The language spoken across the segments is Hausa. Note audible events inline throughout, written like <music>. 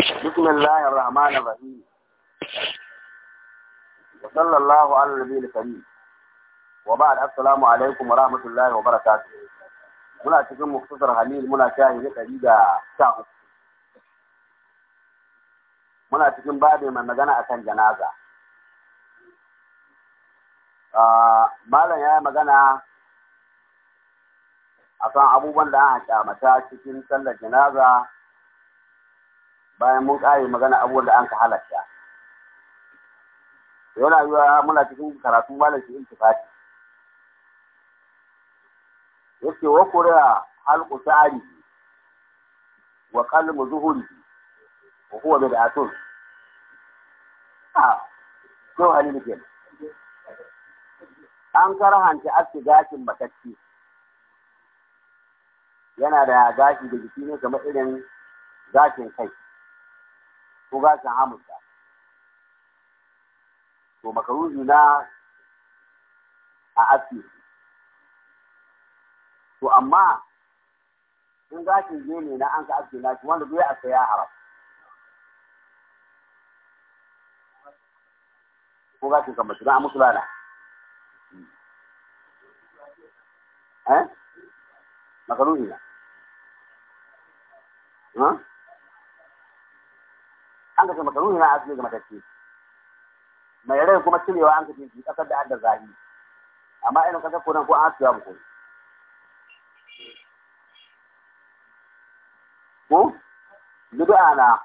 بسم الله الرحمن الرحيم وصلى الله على النبي الكريم وبعد السلام عليكم ورحمة الله وبركاته منا cikin muktasar halil muna shahi na ɗari da sha uku muna cikin babi mai magana akan janaza malam ya yi magana akan abubuwan da aka kyamata cikin sallar janaza bayan mun kare magana abubuwan da an ka halatta Yana yiwa muna cikin karatu malam shi intifati yake wa kuriya halku tsari wa kalmu zuhuri wa huwa bid'atun a to halilu kenan an karhanta asigatin matacci yana da gashi da jiki ne kamar irin gashin kai ko gashin hamusa to makaruhi na a aski to amma in gashin ne na an ka aski na wanda zai ya aska ya haram ko gashin kamar mace don musu lana eh makaruhi na an kashe makaruni na azumi ga matacce mai rai kuma cirewa an kashe shi kasar da adda zahi amma irin kasar kodan ko an asiya mu kuma ko bid'a na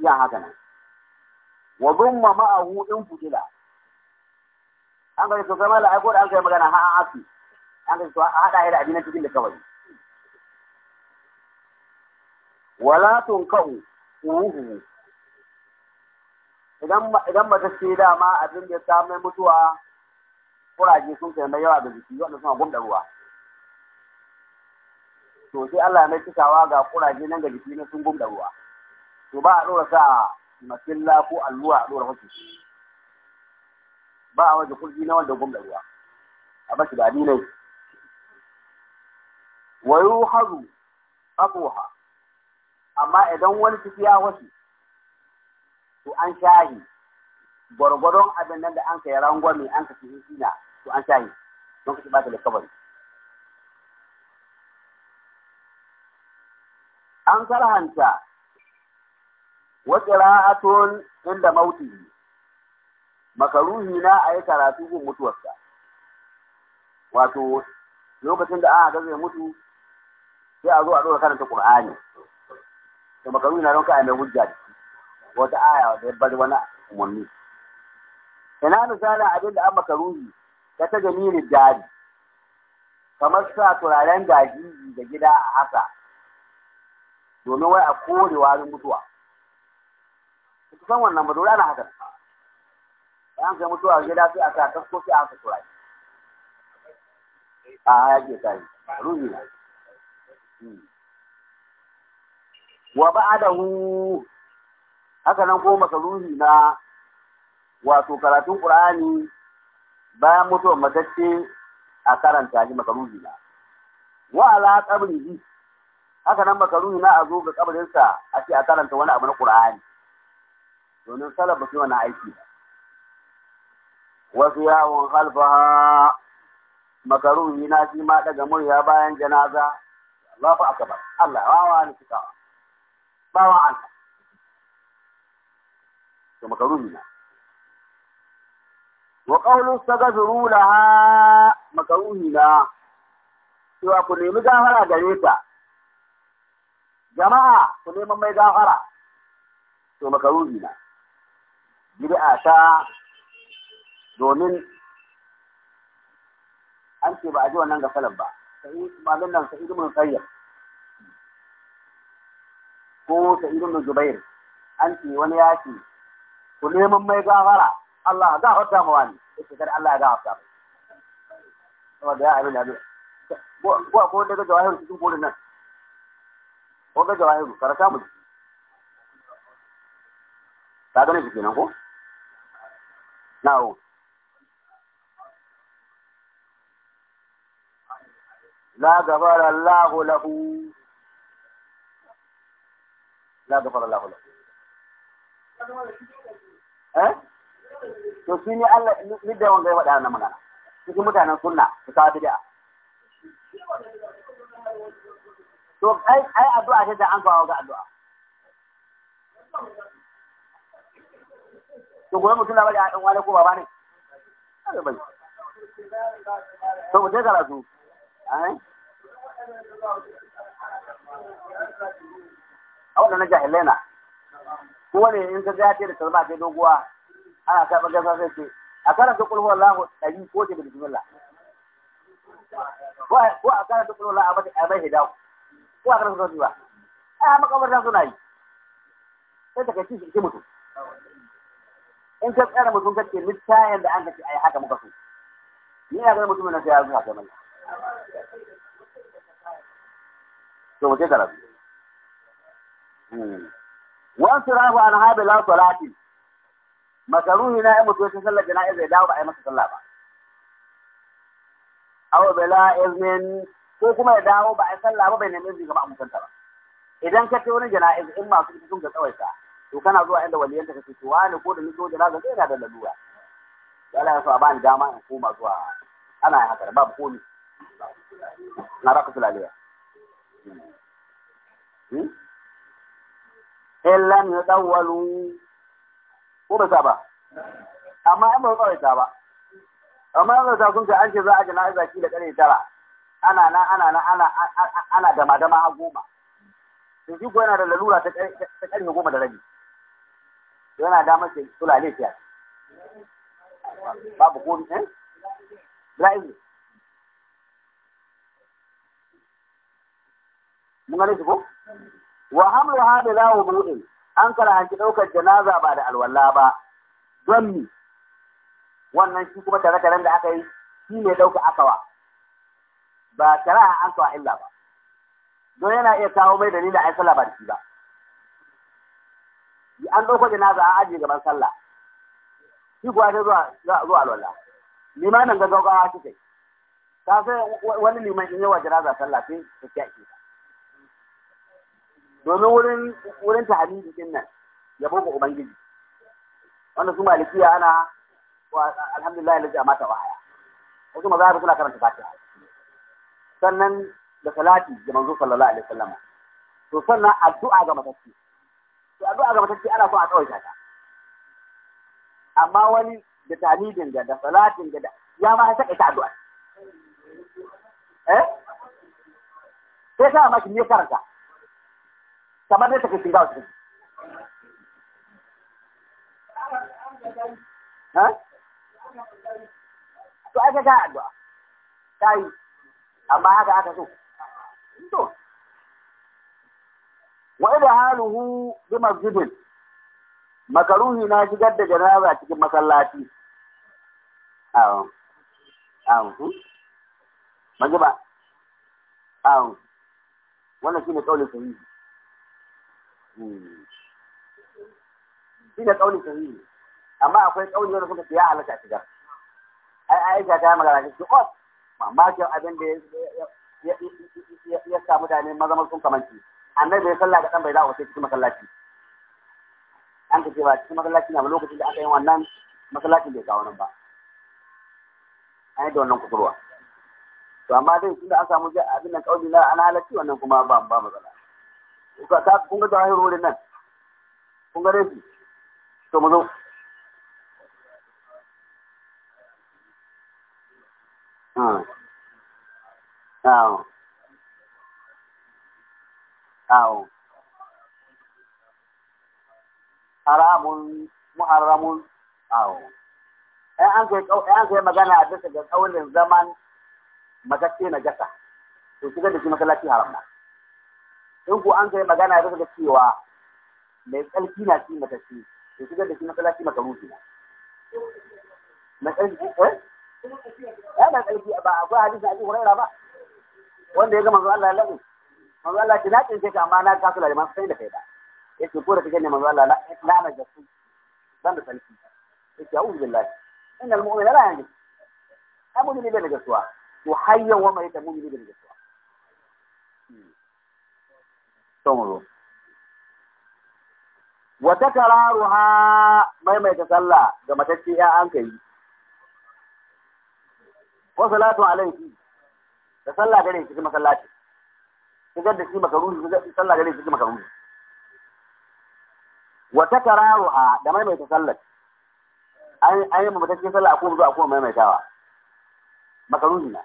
ya haka nan wa ma ma'ahu in futila an kashe to kamar la an kai magana ha an asi an kashe to a hada da abinan cikin da kawai wala tun ruhu idan idan mace ce dama abin da ya samu mai mutuwa kuraje sun kai mai yawa da jiki wanda suna gumda ruwa to sai Allah ya mai cikawa ga kuraje nan ga jiki na sun gumda ruwa to ba a dora sa masilla ko alluwa a dora hukunci ba a waje kurji na wanda gumda ruwa a bashi da adinai wa yuhazu abuha amma idan wani ciki ya wasu to an shahi gwargwaron abin nan da an rangon rangwame an ka cikin sina to an shahi don ka ba ta da kabari an sarhanta wa ra'atun inda mautihi makaruhi na yi karatu gun mutuwarsa wato lokacin da aka gaza mutu sai a zo a dora karanta qur'ani to makaru na ranka mai hujja da shi wata aya da bar wani umarni ina misalin abin da an maka makaruni ta ta ne dari kamar sa turaren daji da gida a haka domin wai a kore warin mutuwa ku san wannan ba dole ana haka an kai mutuwa gida sai a sa kasko sai a haka turare a ya ke kai ruhi na wa hu haka nan ko makaruhi na wato karatun ƙur'ani bayan mutuwar matacce a karanta shi makaruhi na wa ala qabrihi haka nan makaruhi na a zo ga kabarinsa a ce a karanta wani abu na ƙur'ani domin salaf ba su wani aiki ba wasu yawon halfaha makaruhi na shi ma daga murya bayan janaza Allahu akbar Allah wawa ni cikawa bawa Allah da makaruhi na wa qawlu sagazuru laha makaruhi na cewa ku nemi gafara gare ta jama'a ku neman mai gafara to makaruhi na a sha domin an ce ba a ji wannan gasalan ba sai malamin nan sai ibn sayyar ko sa'id ibn zubair an ce wani ya ce ku neman mai gafara Allah za a gafarta mu wani yace kar Allah ya gafarta saboda ya abin da ko ko daga jawahiru cikin kolin nan ko ga jawahiru karata mu ka gane shi kenan ko na'u la gafara Allah lahu la gafara lahu eh to shi ne Allah lidda wanga ya faɗa na magana cikin mutanen sunna su kawo bid'a to ai ai addu'a ce da an kawo ga addu'a to gobe mutum na bari a ɗan wani ko baba ne kada bai to mutum karatu a waɗannan jahilai na kowane in ka ga da kalma ce doguwa ana karɓar gasa zai ce a ta kulhu Allahu ɗari ko ce da bismillah ko a karanta kulhu Allahu abadi a mai hidau ko a karanta sunni ba a ta suna yi sai ta kai cikin mutum in ka tsara mutum ka ce littayen da an ka ce yi haka muka so ni ya ganin mutumin na sai ya zuwa kai to mu je Hmm. wasu rahu an haɗe la salati makaruhi na ya mutu sallar jana'iza ya dawo ba a yi masa sallah ba A bala iznin ko kuma ya dawo ba a yi sallah ba bai nemi izini ba a musanta ba idan ka ce wani jana'iza in masu ita sun ga tsawaita to kana zuwa inda waliyanta kake ce wani ko da ni zo jana'iza zai na da lalura ya Allah ya so a bani dama in koma zuwa ana yin haka babu komi na raka sulaliya hmm. hmm? in lam yadawwalu ko ba ba amma an ba kawai ta ba amma an ta sun ce an ce za a jana'iza shi da kare tara ana na ana na ana ana dama dama a goma to shi ko yana da lalura ta kare goma da rabi yana da mace sulale ta babu ko eh la'izi mun ga shi ko wa Hamlu, hada la wudu'in an karhanci ɗaukar janaza ba da alwala ba don ni wannan shi kuma tare tare da aka yi shi ne ɗauka akawa ba shari'a an kawa illa ba don yana iya kawo mai dalilin ai sallah ba shi ba an ɗauko janaza an ajiye gaban sallah shi kuwa ta zuwa zuwa alwala limanin gaggawa kika yi ta sai wani liman in yawa janaza sallah sai ta kiyaye domin wurin wurin tahlili din nan yabo ga ubangiji wanda su malikiya ana alhamdulillah lazi amata wa haya wasu mazhabi suna karanta fatiha sannan da salati da manzo sallallahu alaihi wasallam to sannan addu'a ga matacce to addu'a ga matacce ana so a tsawaita ta amma wani da tanidin da da salatin da ya ma sai ita addu'a eh sai ka maki ne karanta kamar da take shiga wasu ha to aka ga addu'a tayi amma haka aka so to wa idha haluhu bi masjidin makaruhi na shigar da janaza cikin masallaci awo awo majiba hmm? awo wannan shine kaulin sahihi shi ƙaunin kauli sahihi amma akwai kauli wanda suka ya halaka shigar ai aisha ta magana shi ko mamakin abin da ya samu da ne maza sun kamanci annabi bai sallah da dan bai dawo sai cikin masallaci an ka ce ba cikin masallaci na lokacin da aka yi wannan masallacin bai kawo nan ba an yi da wannan kusurwa to amma dai tunda an samu abin nan kauli na an halarci wannan kuma ba ba matsala ka ta kun ga zahirin wurin nan kun ga rafi to mu zo Awo. Ah. Awo. Haramun, muharramun, awo. ‘Yan an kai magana a bisa ga tsaunin zaman matacce na gasa, to shigar da shi masallaci haram na. in ku an kai magana bisa ga cewa mai tsarki na ci mata shi to shigar da shi masallaci maka rufi na na tsarki eh ya na tsarki ba a hadisi a cikin hurairah ba wanda ya ga manzo Allah ya lamu manzo Allah ki na ce ka amma na kasu da masu sai da kai ba yace ko da kake ne manzo Allah la na jasu dan da tsarki yace a'udhu billahi innal mu'mina la yanjisu ni ne da gaskiya to hayyan wa mai da mu'mini da gaskiya tsoro. Wata kararu ha maimaita sallah ga matacce ya ka yi, ko salatu alaihi da sallah gare shi masallaci, shigar da shi makaruni, sallah gare shi makaruni. Wata kararu ha da maimaita sallah, an yi matacce sallah a kuma zuwa kuma maimaitawa, makaruni na,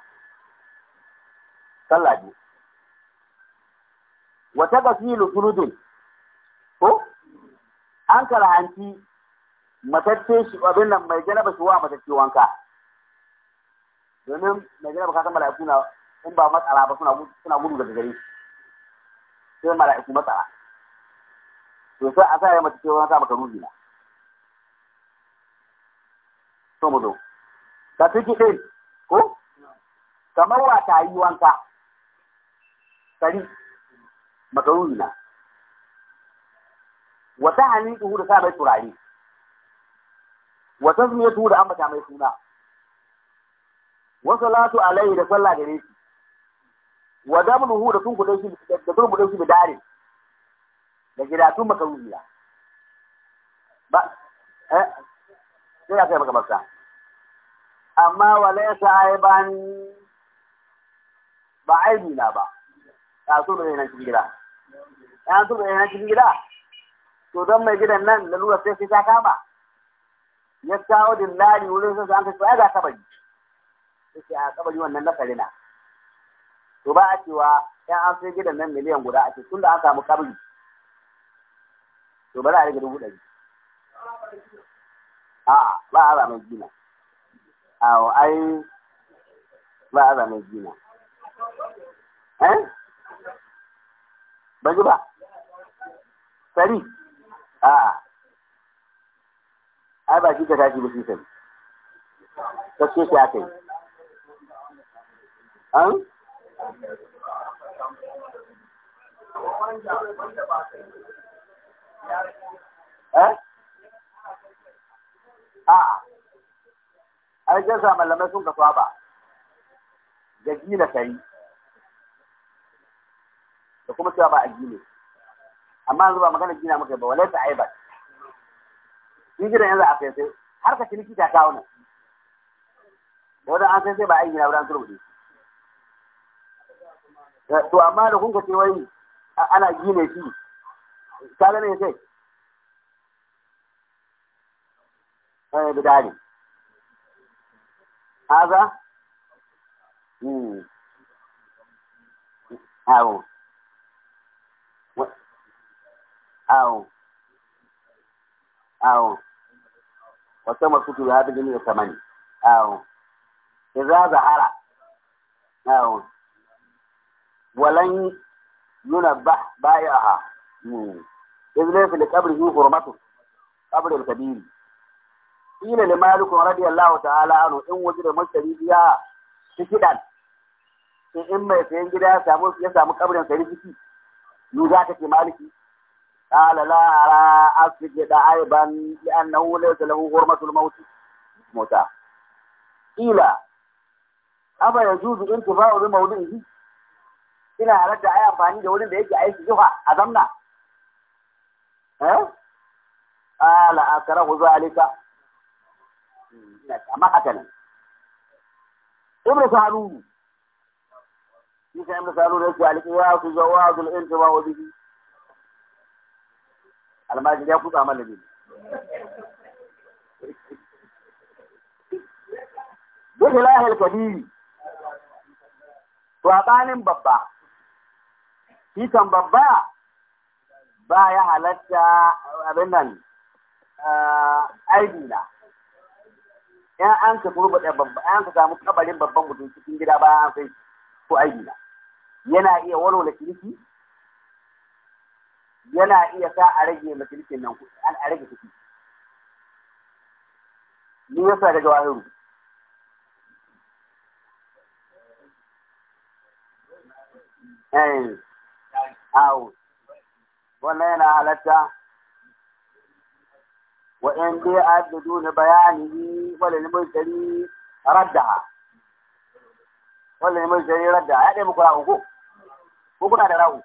sallah biyu. wata gasilu suludun ko an karahanci matacce shi abin nan mai janaba shi wa matacce wanka domin mai janaba kasan mala'iku na in ba matsala ba suna gudu daga gari sai mala'iku matsala to sai a sa ya matacce wanka maka ruhi na so mu zo ka fi ɗin ko kamar wa ta yi wanka sari makaruni na wata hannun tuhu da sa mai turare wata zuwa tuhu da ambata mai suna wasu latu alaihi da sallah gare shi wa zamnuhu da sun kudai shi da sun kudai shi da dare da tun makaruni na ba eh sai ya kai maka masa amma wala ya ban ba aibi na ba a so da nan cikin gida ya zuba yana cikin gida to don mai gidan nan lura sai sai ta kama ya kawo dillali wurin sun an kai ga kabari sai a kabari wannan na karina to ba a cewa ya an sai gidan nan miliyan guda ake tunda an samu kabari to za a rage dubu ɗari a ba a zama gina a ai ba a zama gina eh ba ba sari a a ba shi ka tashi ba shi Ka ce shi aka yi an eh a'a ai gaza malamai sun ka saba da gina kari da kuma cewa ba a gine amma yanzu ba magana gina muka ba a yi ba shi gidan yanzu a sai sai har ka ciniki ta kawo nan da wadan an sai sai ba aiki gina wurin turbi to amma da kun ka ce wai ana gine shi ka gane sai eh bida ne haza hmm. Awo. awo awo wata masu tuba haɗu jini da samani awo iza zahara awo walan yuna ba baya ha izle fi kabri hu hurmatu kabri al-kabiri ila li malik radiyallahu ta'ala anhu in wajida mushtari biya tikidan in mai sayan gida ya samu kabrin sa ciki ni za ka ce maliki قال لا أرى أسجد عيبا لأنه ليس له غرمة الموت موتا إلى أبا يجوز انتفاع بموضعه ina halatta a yi amfani da wurin da yake aiki zuwa a zamna. Eh? Ala a kara ku zuwa alika. Amma haka nan. Ibn Salulu. Isa almajiri ya kutsa mana ne duk lahil kabiri to a babba hikan babba ba ya halatta abin nan eh, aibi na yan an ka babba an ka samu kabarin babban mutum cikin gida bayan an sai ko aibi na yana iya walwala kirki yana iya sa a rage majalisin nan kuɗi an a rage kuɗi ni yasa daga wahiru eh awo wannan yana halatta wa in bi addu ni bayani wala ni mai tsari radda wala ni mai tsari radda ya dai muku ra'u ko ko kuna da ra'u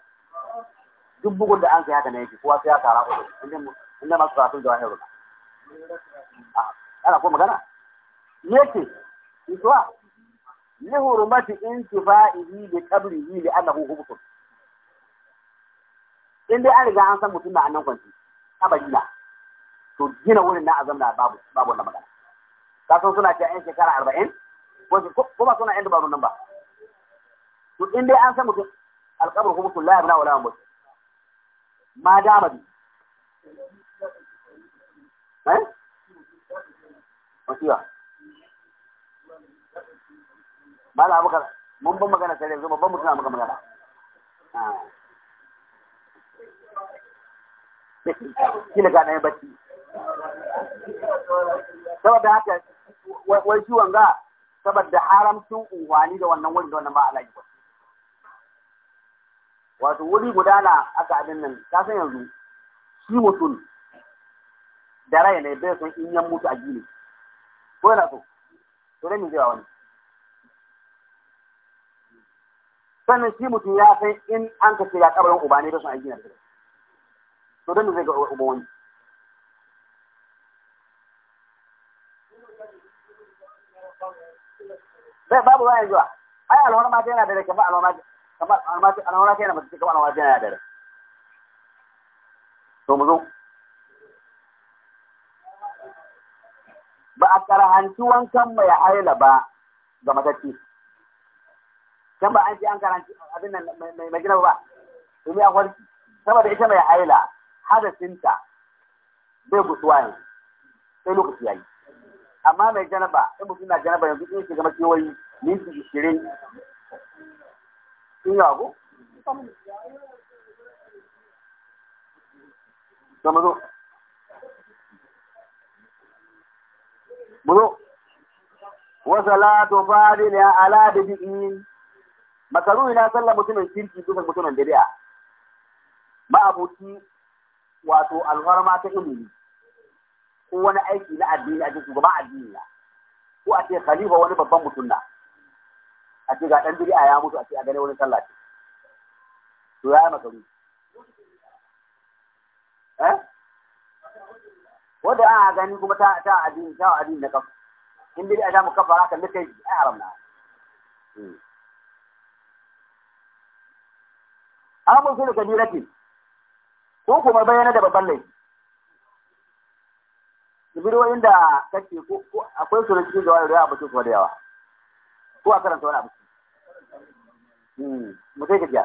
duk bugun da an sai haka ne yake kowa sai ya tara ku inda inda masu karatun da wahiru ah, ana ko magana yake isuwa li hurmati intifa'ihi bi qabrihi li annahu hubtun in dai an riga an san mutum na annan kwanci kabari na to gina wurin na azam da babu babu wannan magana ka san suna cewa yan shekara arba'in ko ba suna yan dabarun nan ba to in dai an san mutum alqabru hubutun la yabna wala yamut ma dama bi eh wasiya ba la abuka mun ban magana sai yanzu ban mutuna maka magana ah. <laughs> kila ga ɗaya bacci saboda haka wai ciwon ga saboda haramcin unwani da wannan wani da wannan ba alaji ba wato wuri guda na aka abin nan ta san yanzu shi mutum da rai ne bai son in yan mutu a gini ko yana so to dai mu je wani sannan shi mutum ya san in an ka ce ya kabarin uba ne bai son a gina to dai mu zai ga uba wani babu wayan zuwa ai alwar ma yana da rake ba alwar kamar alawara kai na mace kamar alawara yana da to mu zo ba a karahanci wankan mai haila ba ga matacci can ba an ce an karanci abin nan mai magina ba domin a warki saboda ita mai haila hadasinta bai gusuwa ne sai lokaci ya yi. amma mai janaba in mutum na janaba yanzu in shiga makewayi minti ishirin ina ku da mu zo mu zo wa salatu fadil ya ala dabi'in makaru ina sallar mutumin kirki duka mutumin dabi'a ma abuci wato alfarma ta ilimi ko wani aiki na addini a cikin shugaban addini ko a ce khalifa wani babban mutum na a ce ga ɗan bid'a ya mutu a ce a gane wurin sallah to ya yi makaru eh wanda an gani kuma ta ta addini ta addini na kafa in bid'a ta mukaffara kan da kai ai haram na amun su da kabiratin ko kuma bayyana da babban laifi bidiyoyin inda kake ko akwai su da cikin da wani da abu da yawa ko a karanta wani abu mu sai tafiya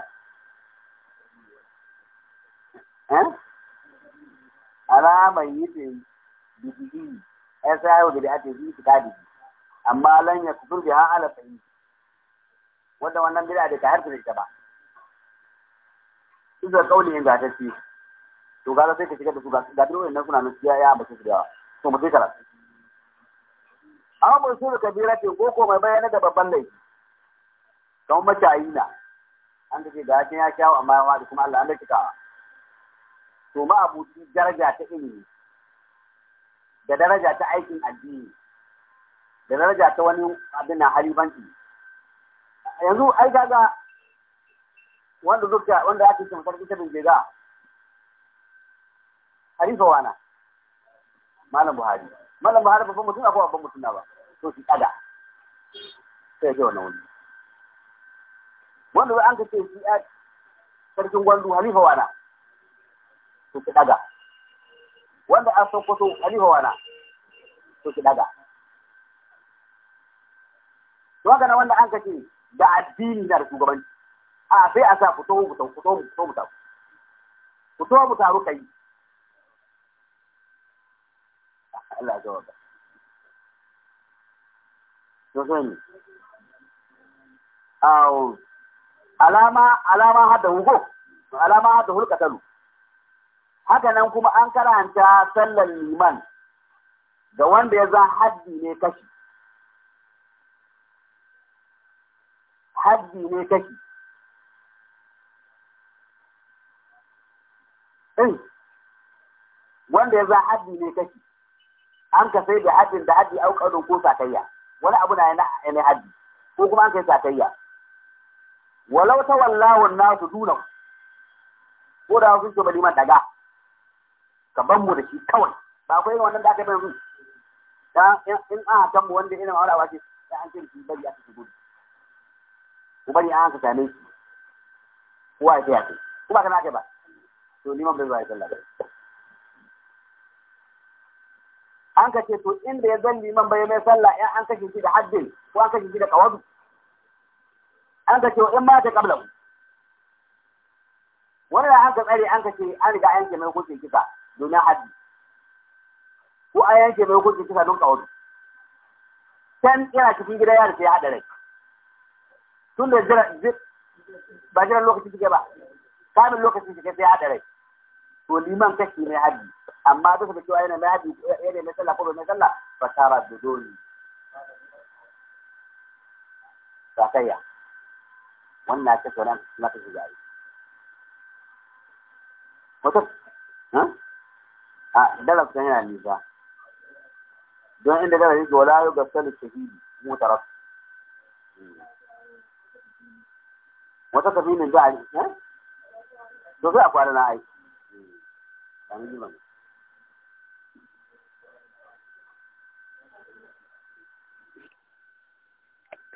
alamar yi ta ya sa yau da da ake yi ta amma lan ya bi wannan bid'a da ta harfi da ita ba idan kauli in gata ce to ga sai ka shiga da su ga da dole nan nan ya ya ba su da to mu sai amma sun kabira ce ko ko mai bayana da babban laifi kamar mashayi na an kace ga yakin ya shawo amma ya da kuma Allah an da cikawa to ma abuci daraja ta ilimi da daraja ta aikin addini da daraja ta wani abin na halifanci yanzu ai gaga wanda duka wanda ake cin sarki ta binjega halifa wana malam buhari malam buhari babban mutum akwai babban mutum na ba to shi kada sai ya ga wannan wani wanda wai an ka ce shi a sarkin gwandu halifa wana to ki daga wanda an sokoto halifa wana to ki daga to haka na wanda an ka da addini da shugabanci a sai a sa fito mu fito fito mu fito mu fito mu kai Allah ya to sai ni alama alama hada hugo alama hada hulka talu haka nan kuma an karanta sallar liman ga wanda ya za haddi ne kashi haddi ne kashi eh, wanda ya za haddi ne kashi an ka sai da haddin da haddi aukarin ko sakayya wani abu na yana haddi ko kuma an kai sakayya walau ta wallawun nasu dunan ko da sun ce baliman daga ka ban mu da shi kawai ba yin wannan da aka bayan su in an hakan mu wanda irin aure ce, ya an ce shi bari a cikin gudu ko bari an ka same shi ko ai sai ko ba na kai ba to liman bai zai sallah an ka ce to inda ya zan liman bai mai sallah ya an kashe shi da haddin ko an kashe shi da kawadu an ka ce in ma ta kabla wannan an ka tsare an ka ce an riga yanke mai hukuncin kisa domin haddi ko a yanke mai hukuncin kisa don kawo can yana cikin gida ya rufe ya haɗa rai tun da ba jiran lokaci suke ba kamin lokaci suke sai ya haɗa rai to liman kashi mai haɗi amma duka da cewa yana mai ko yana mai sallah ko mai sallah ba tara da dole kaiya. wannan na kashe wannan kuma kashe jari wata a darab kan yana nisa don inda darab yake wala yau ga shahidi mu wata kabilin za a yi don hmm? sai a kwana na aiki hmm.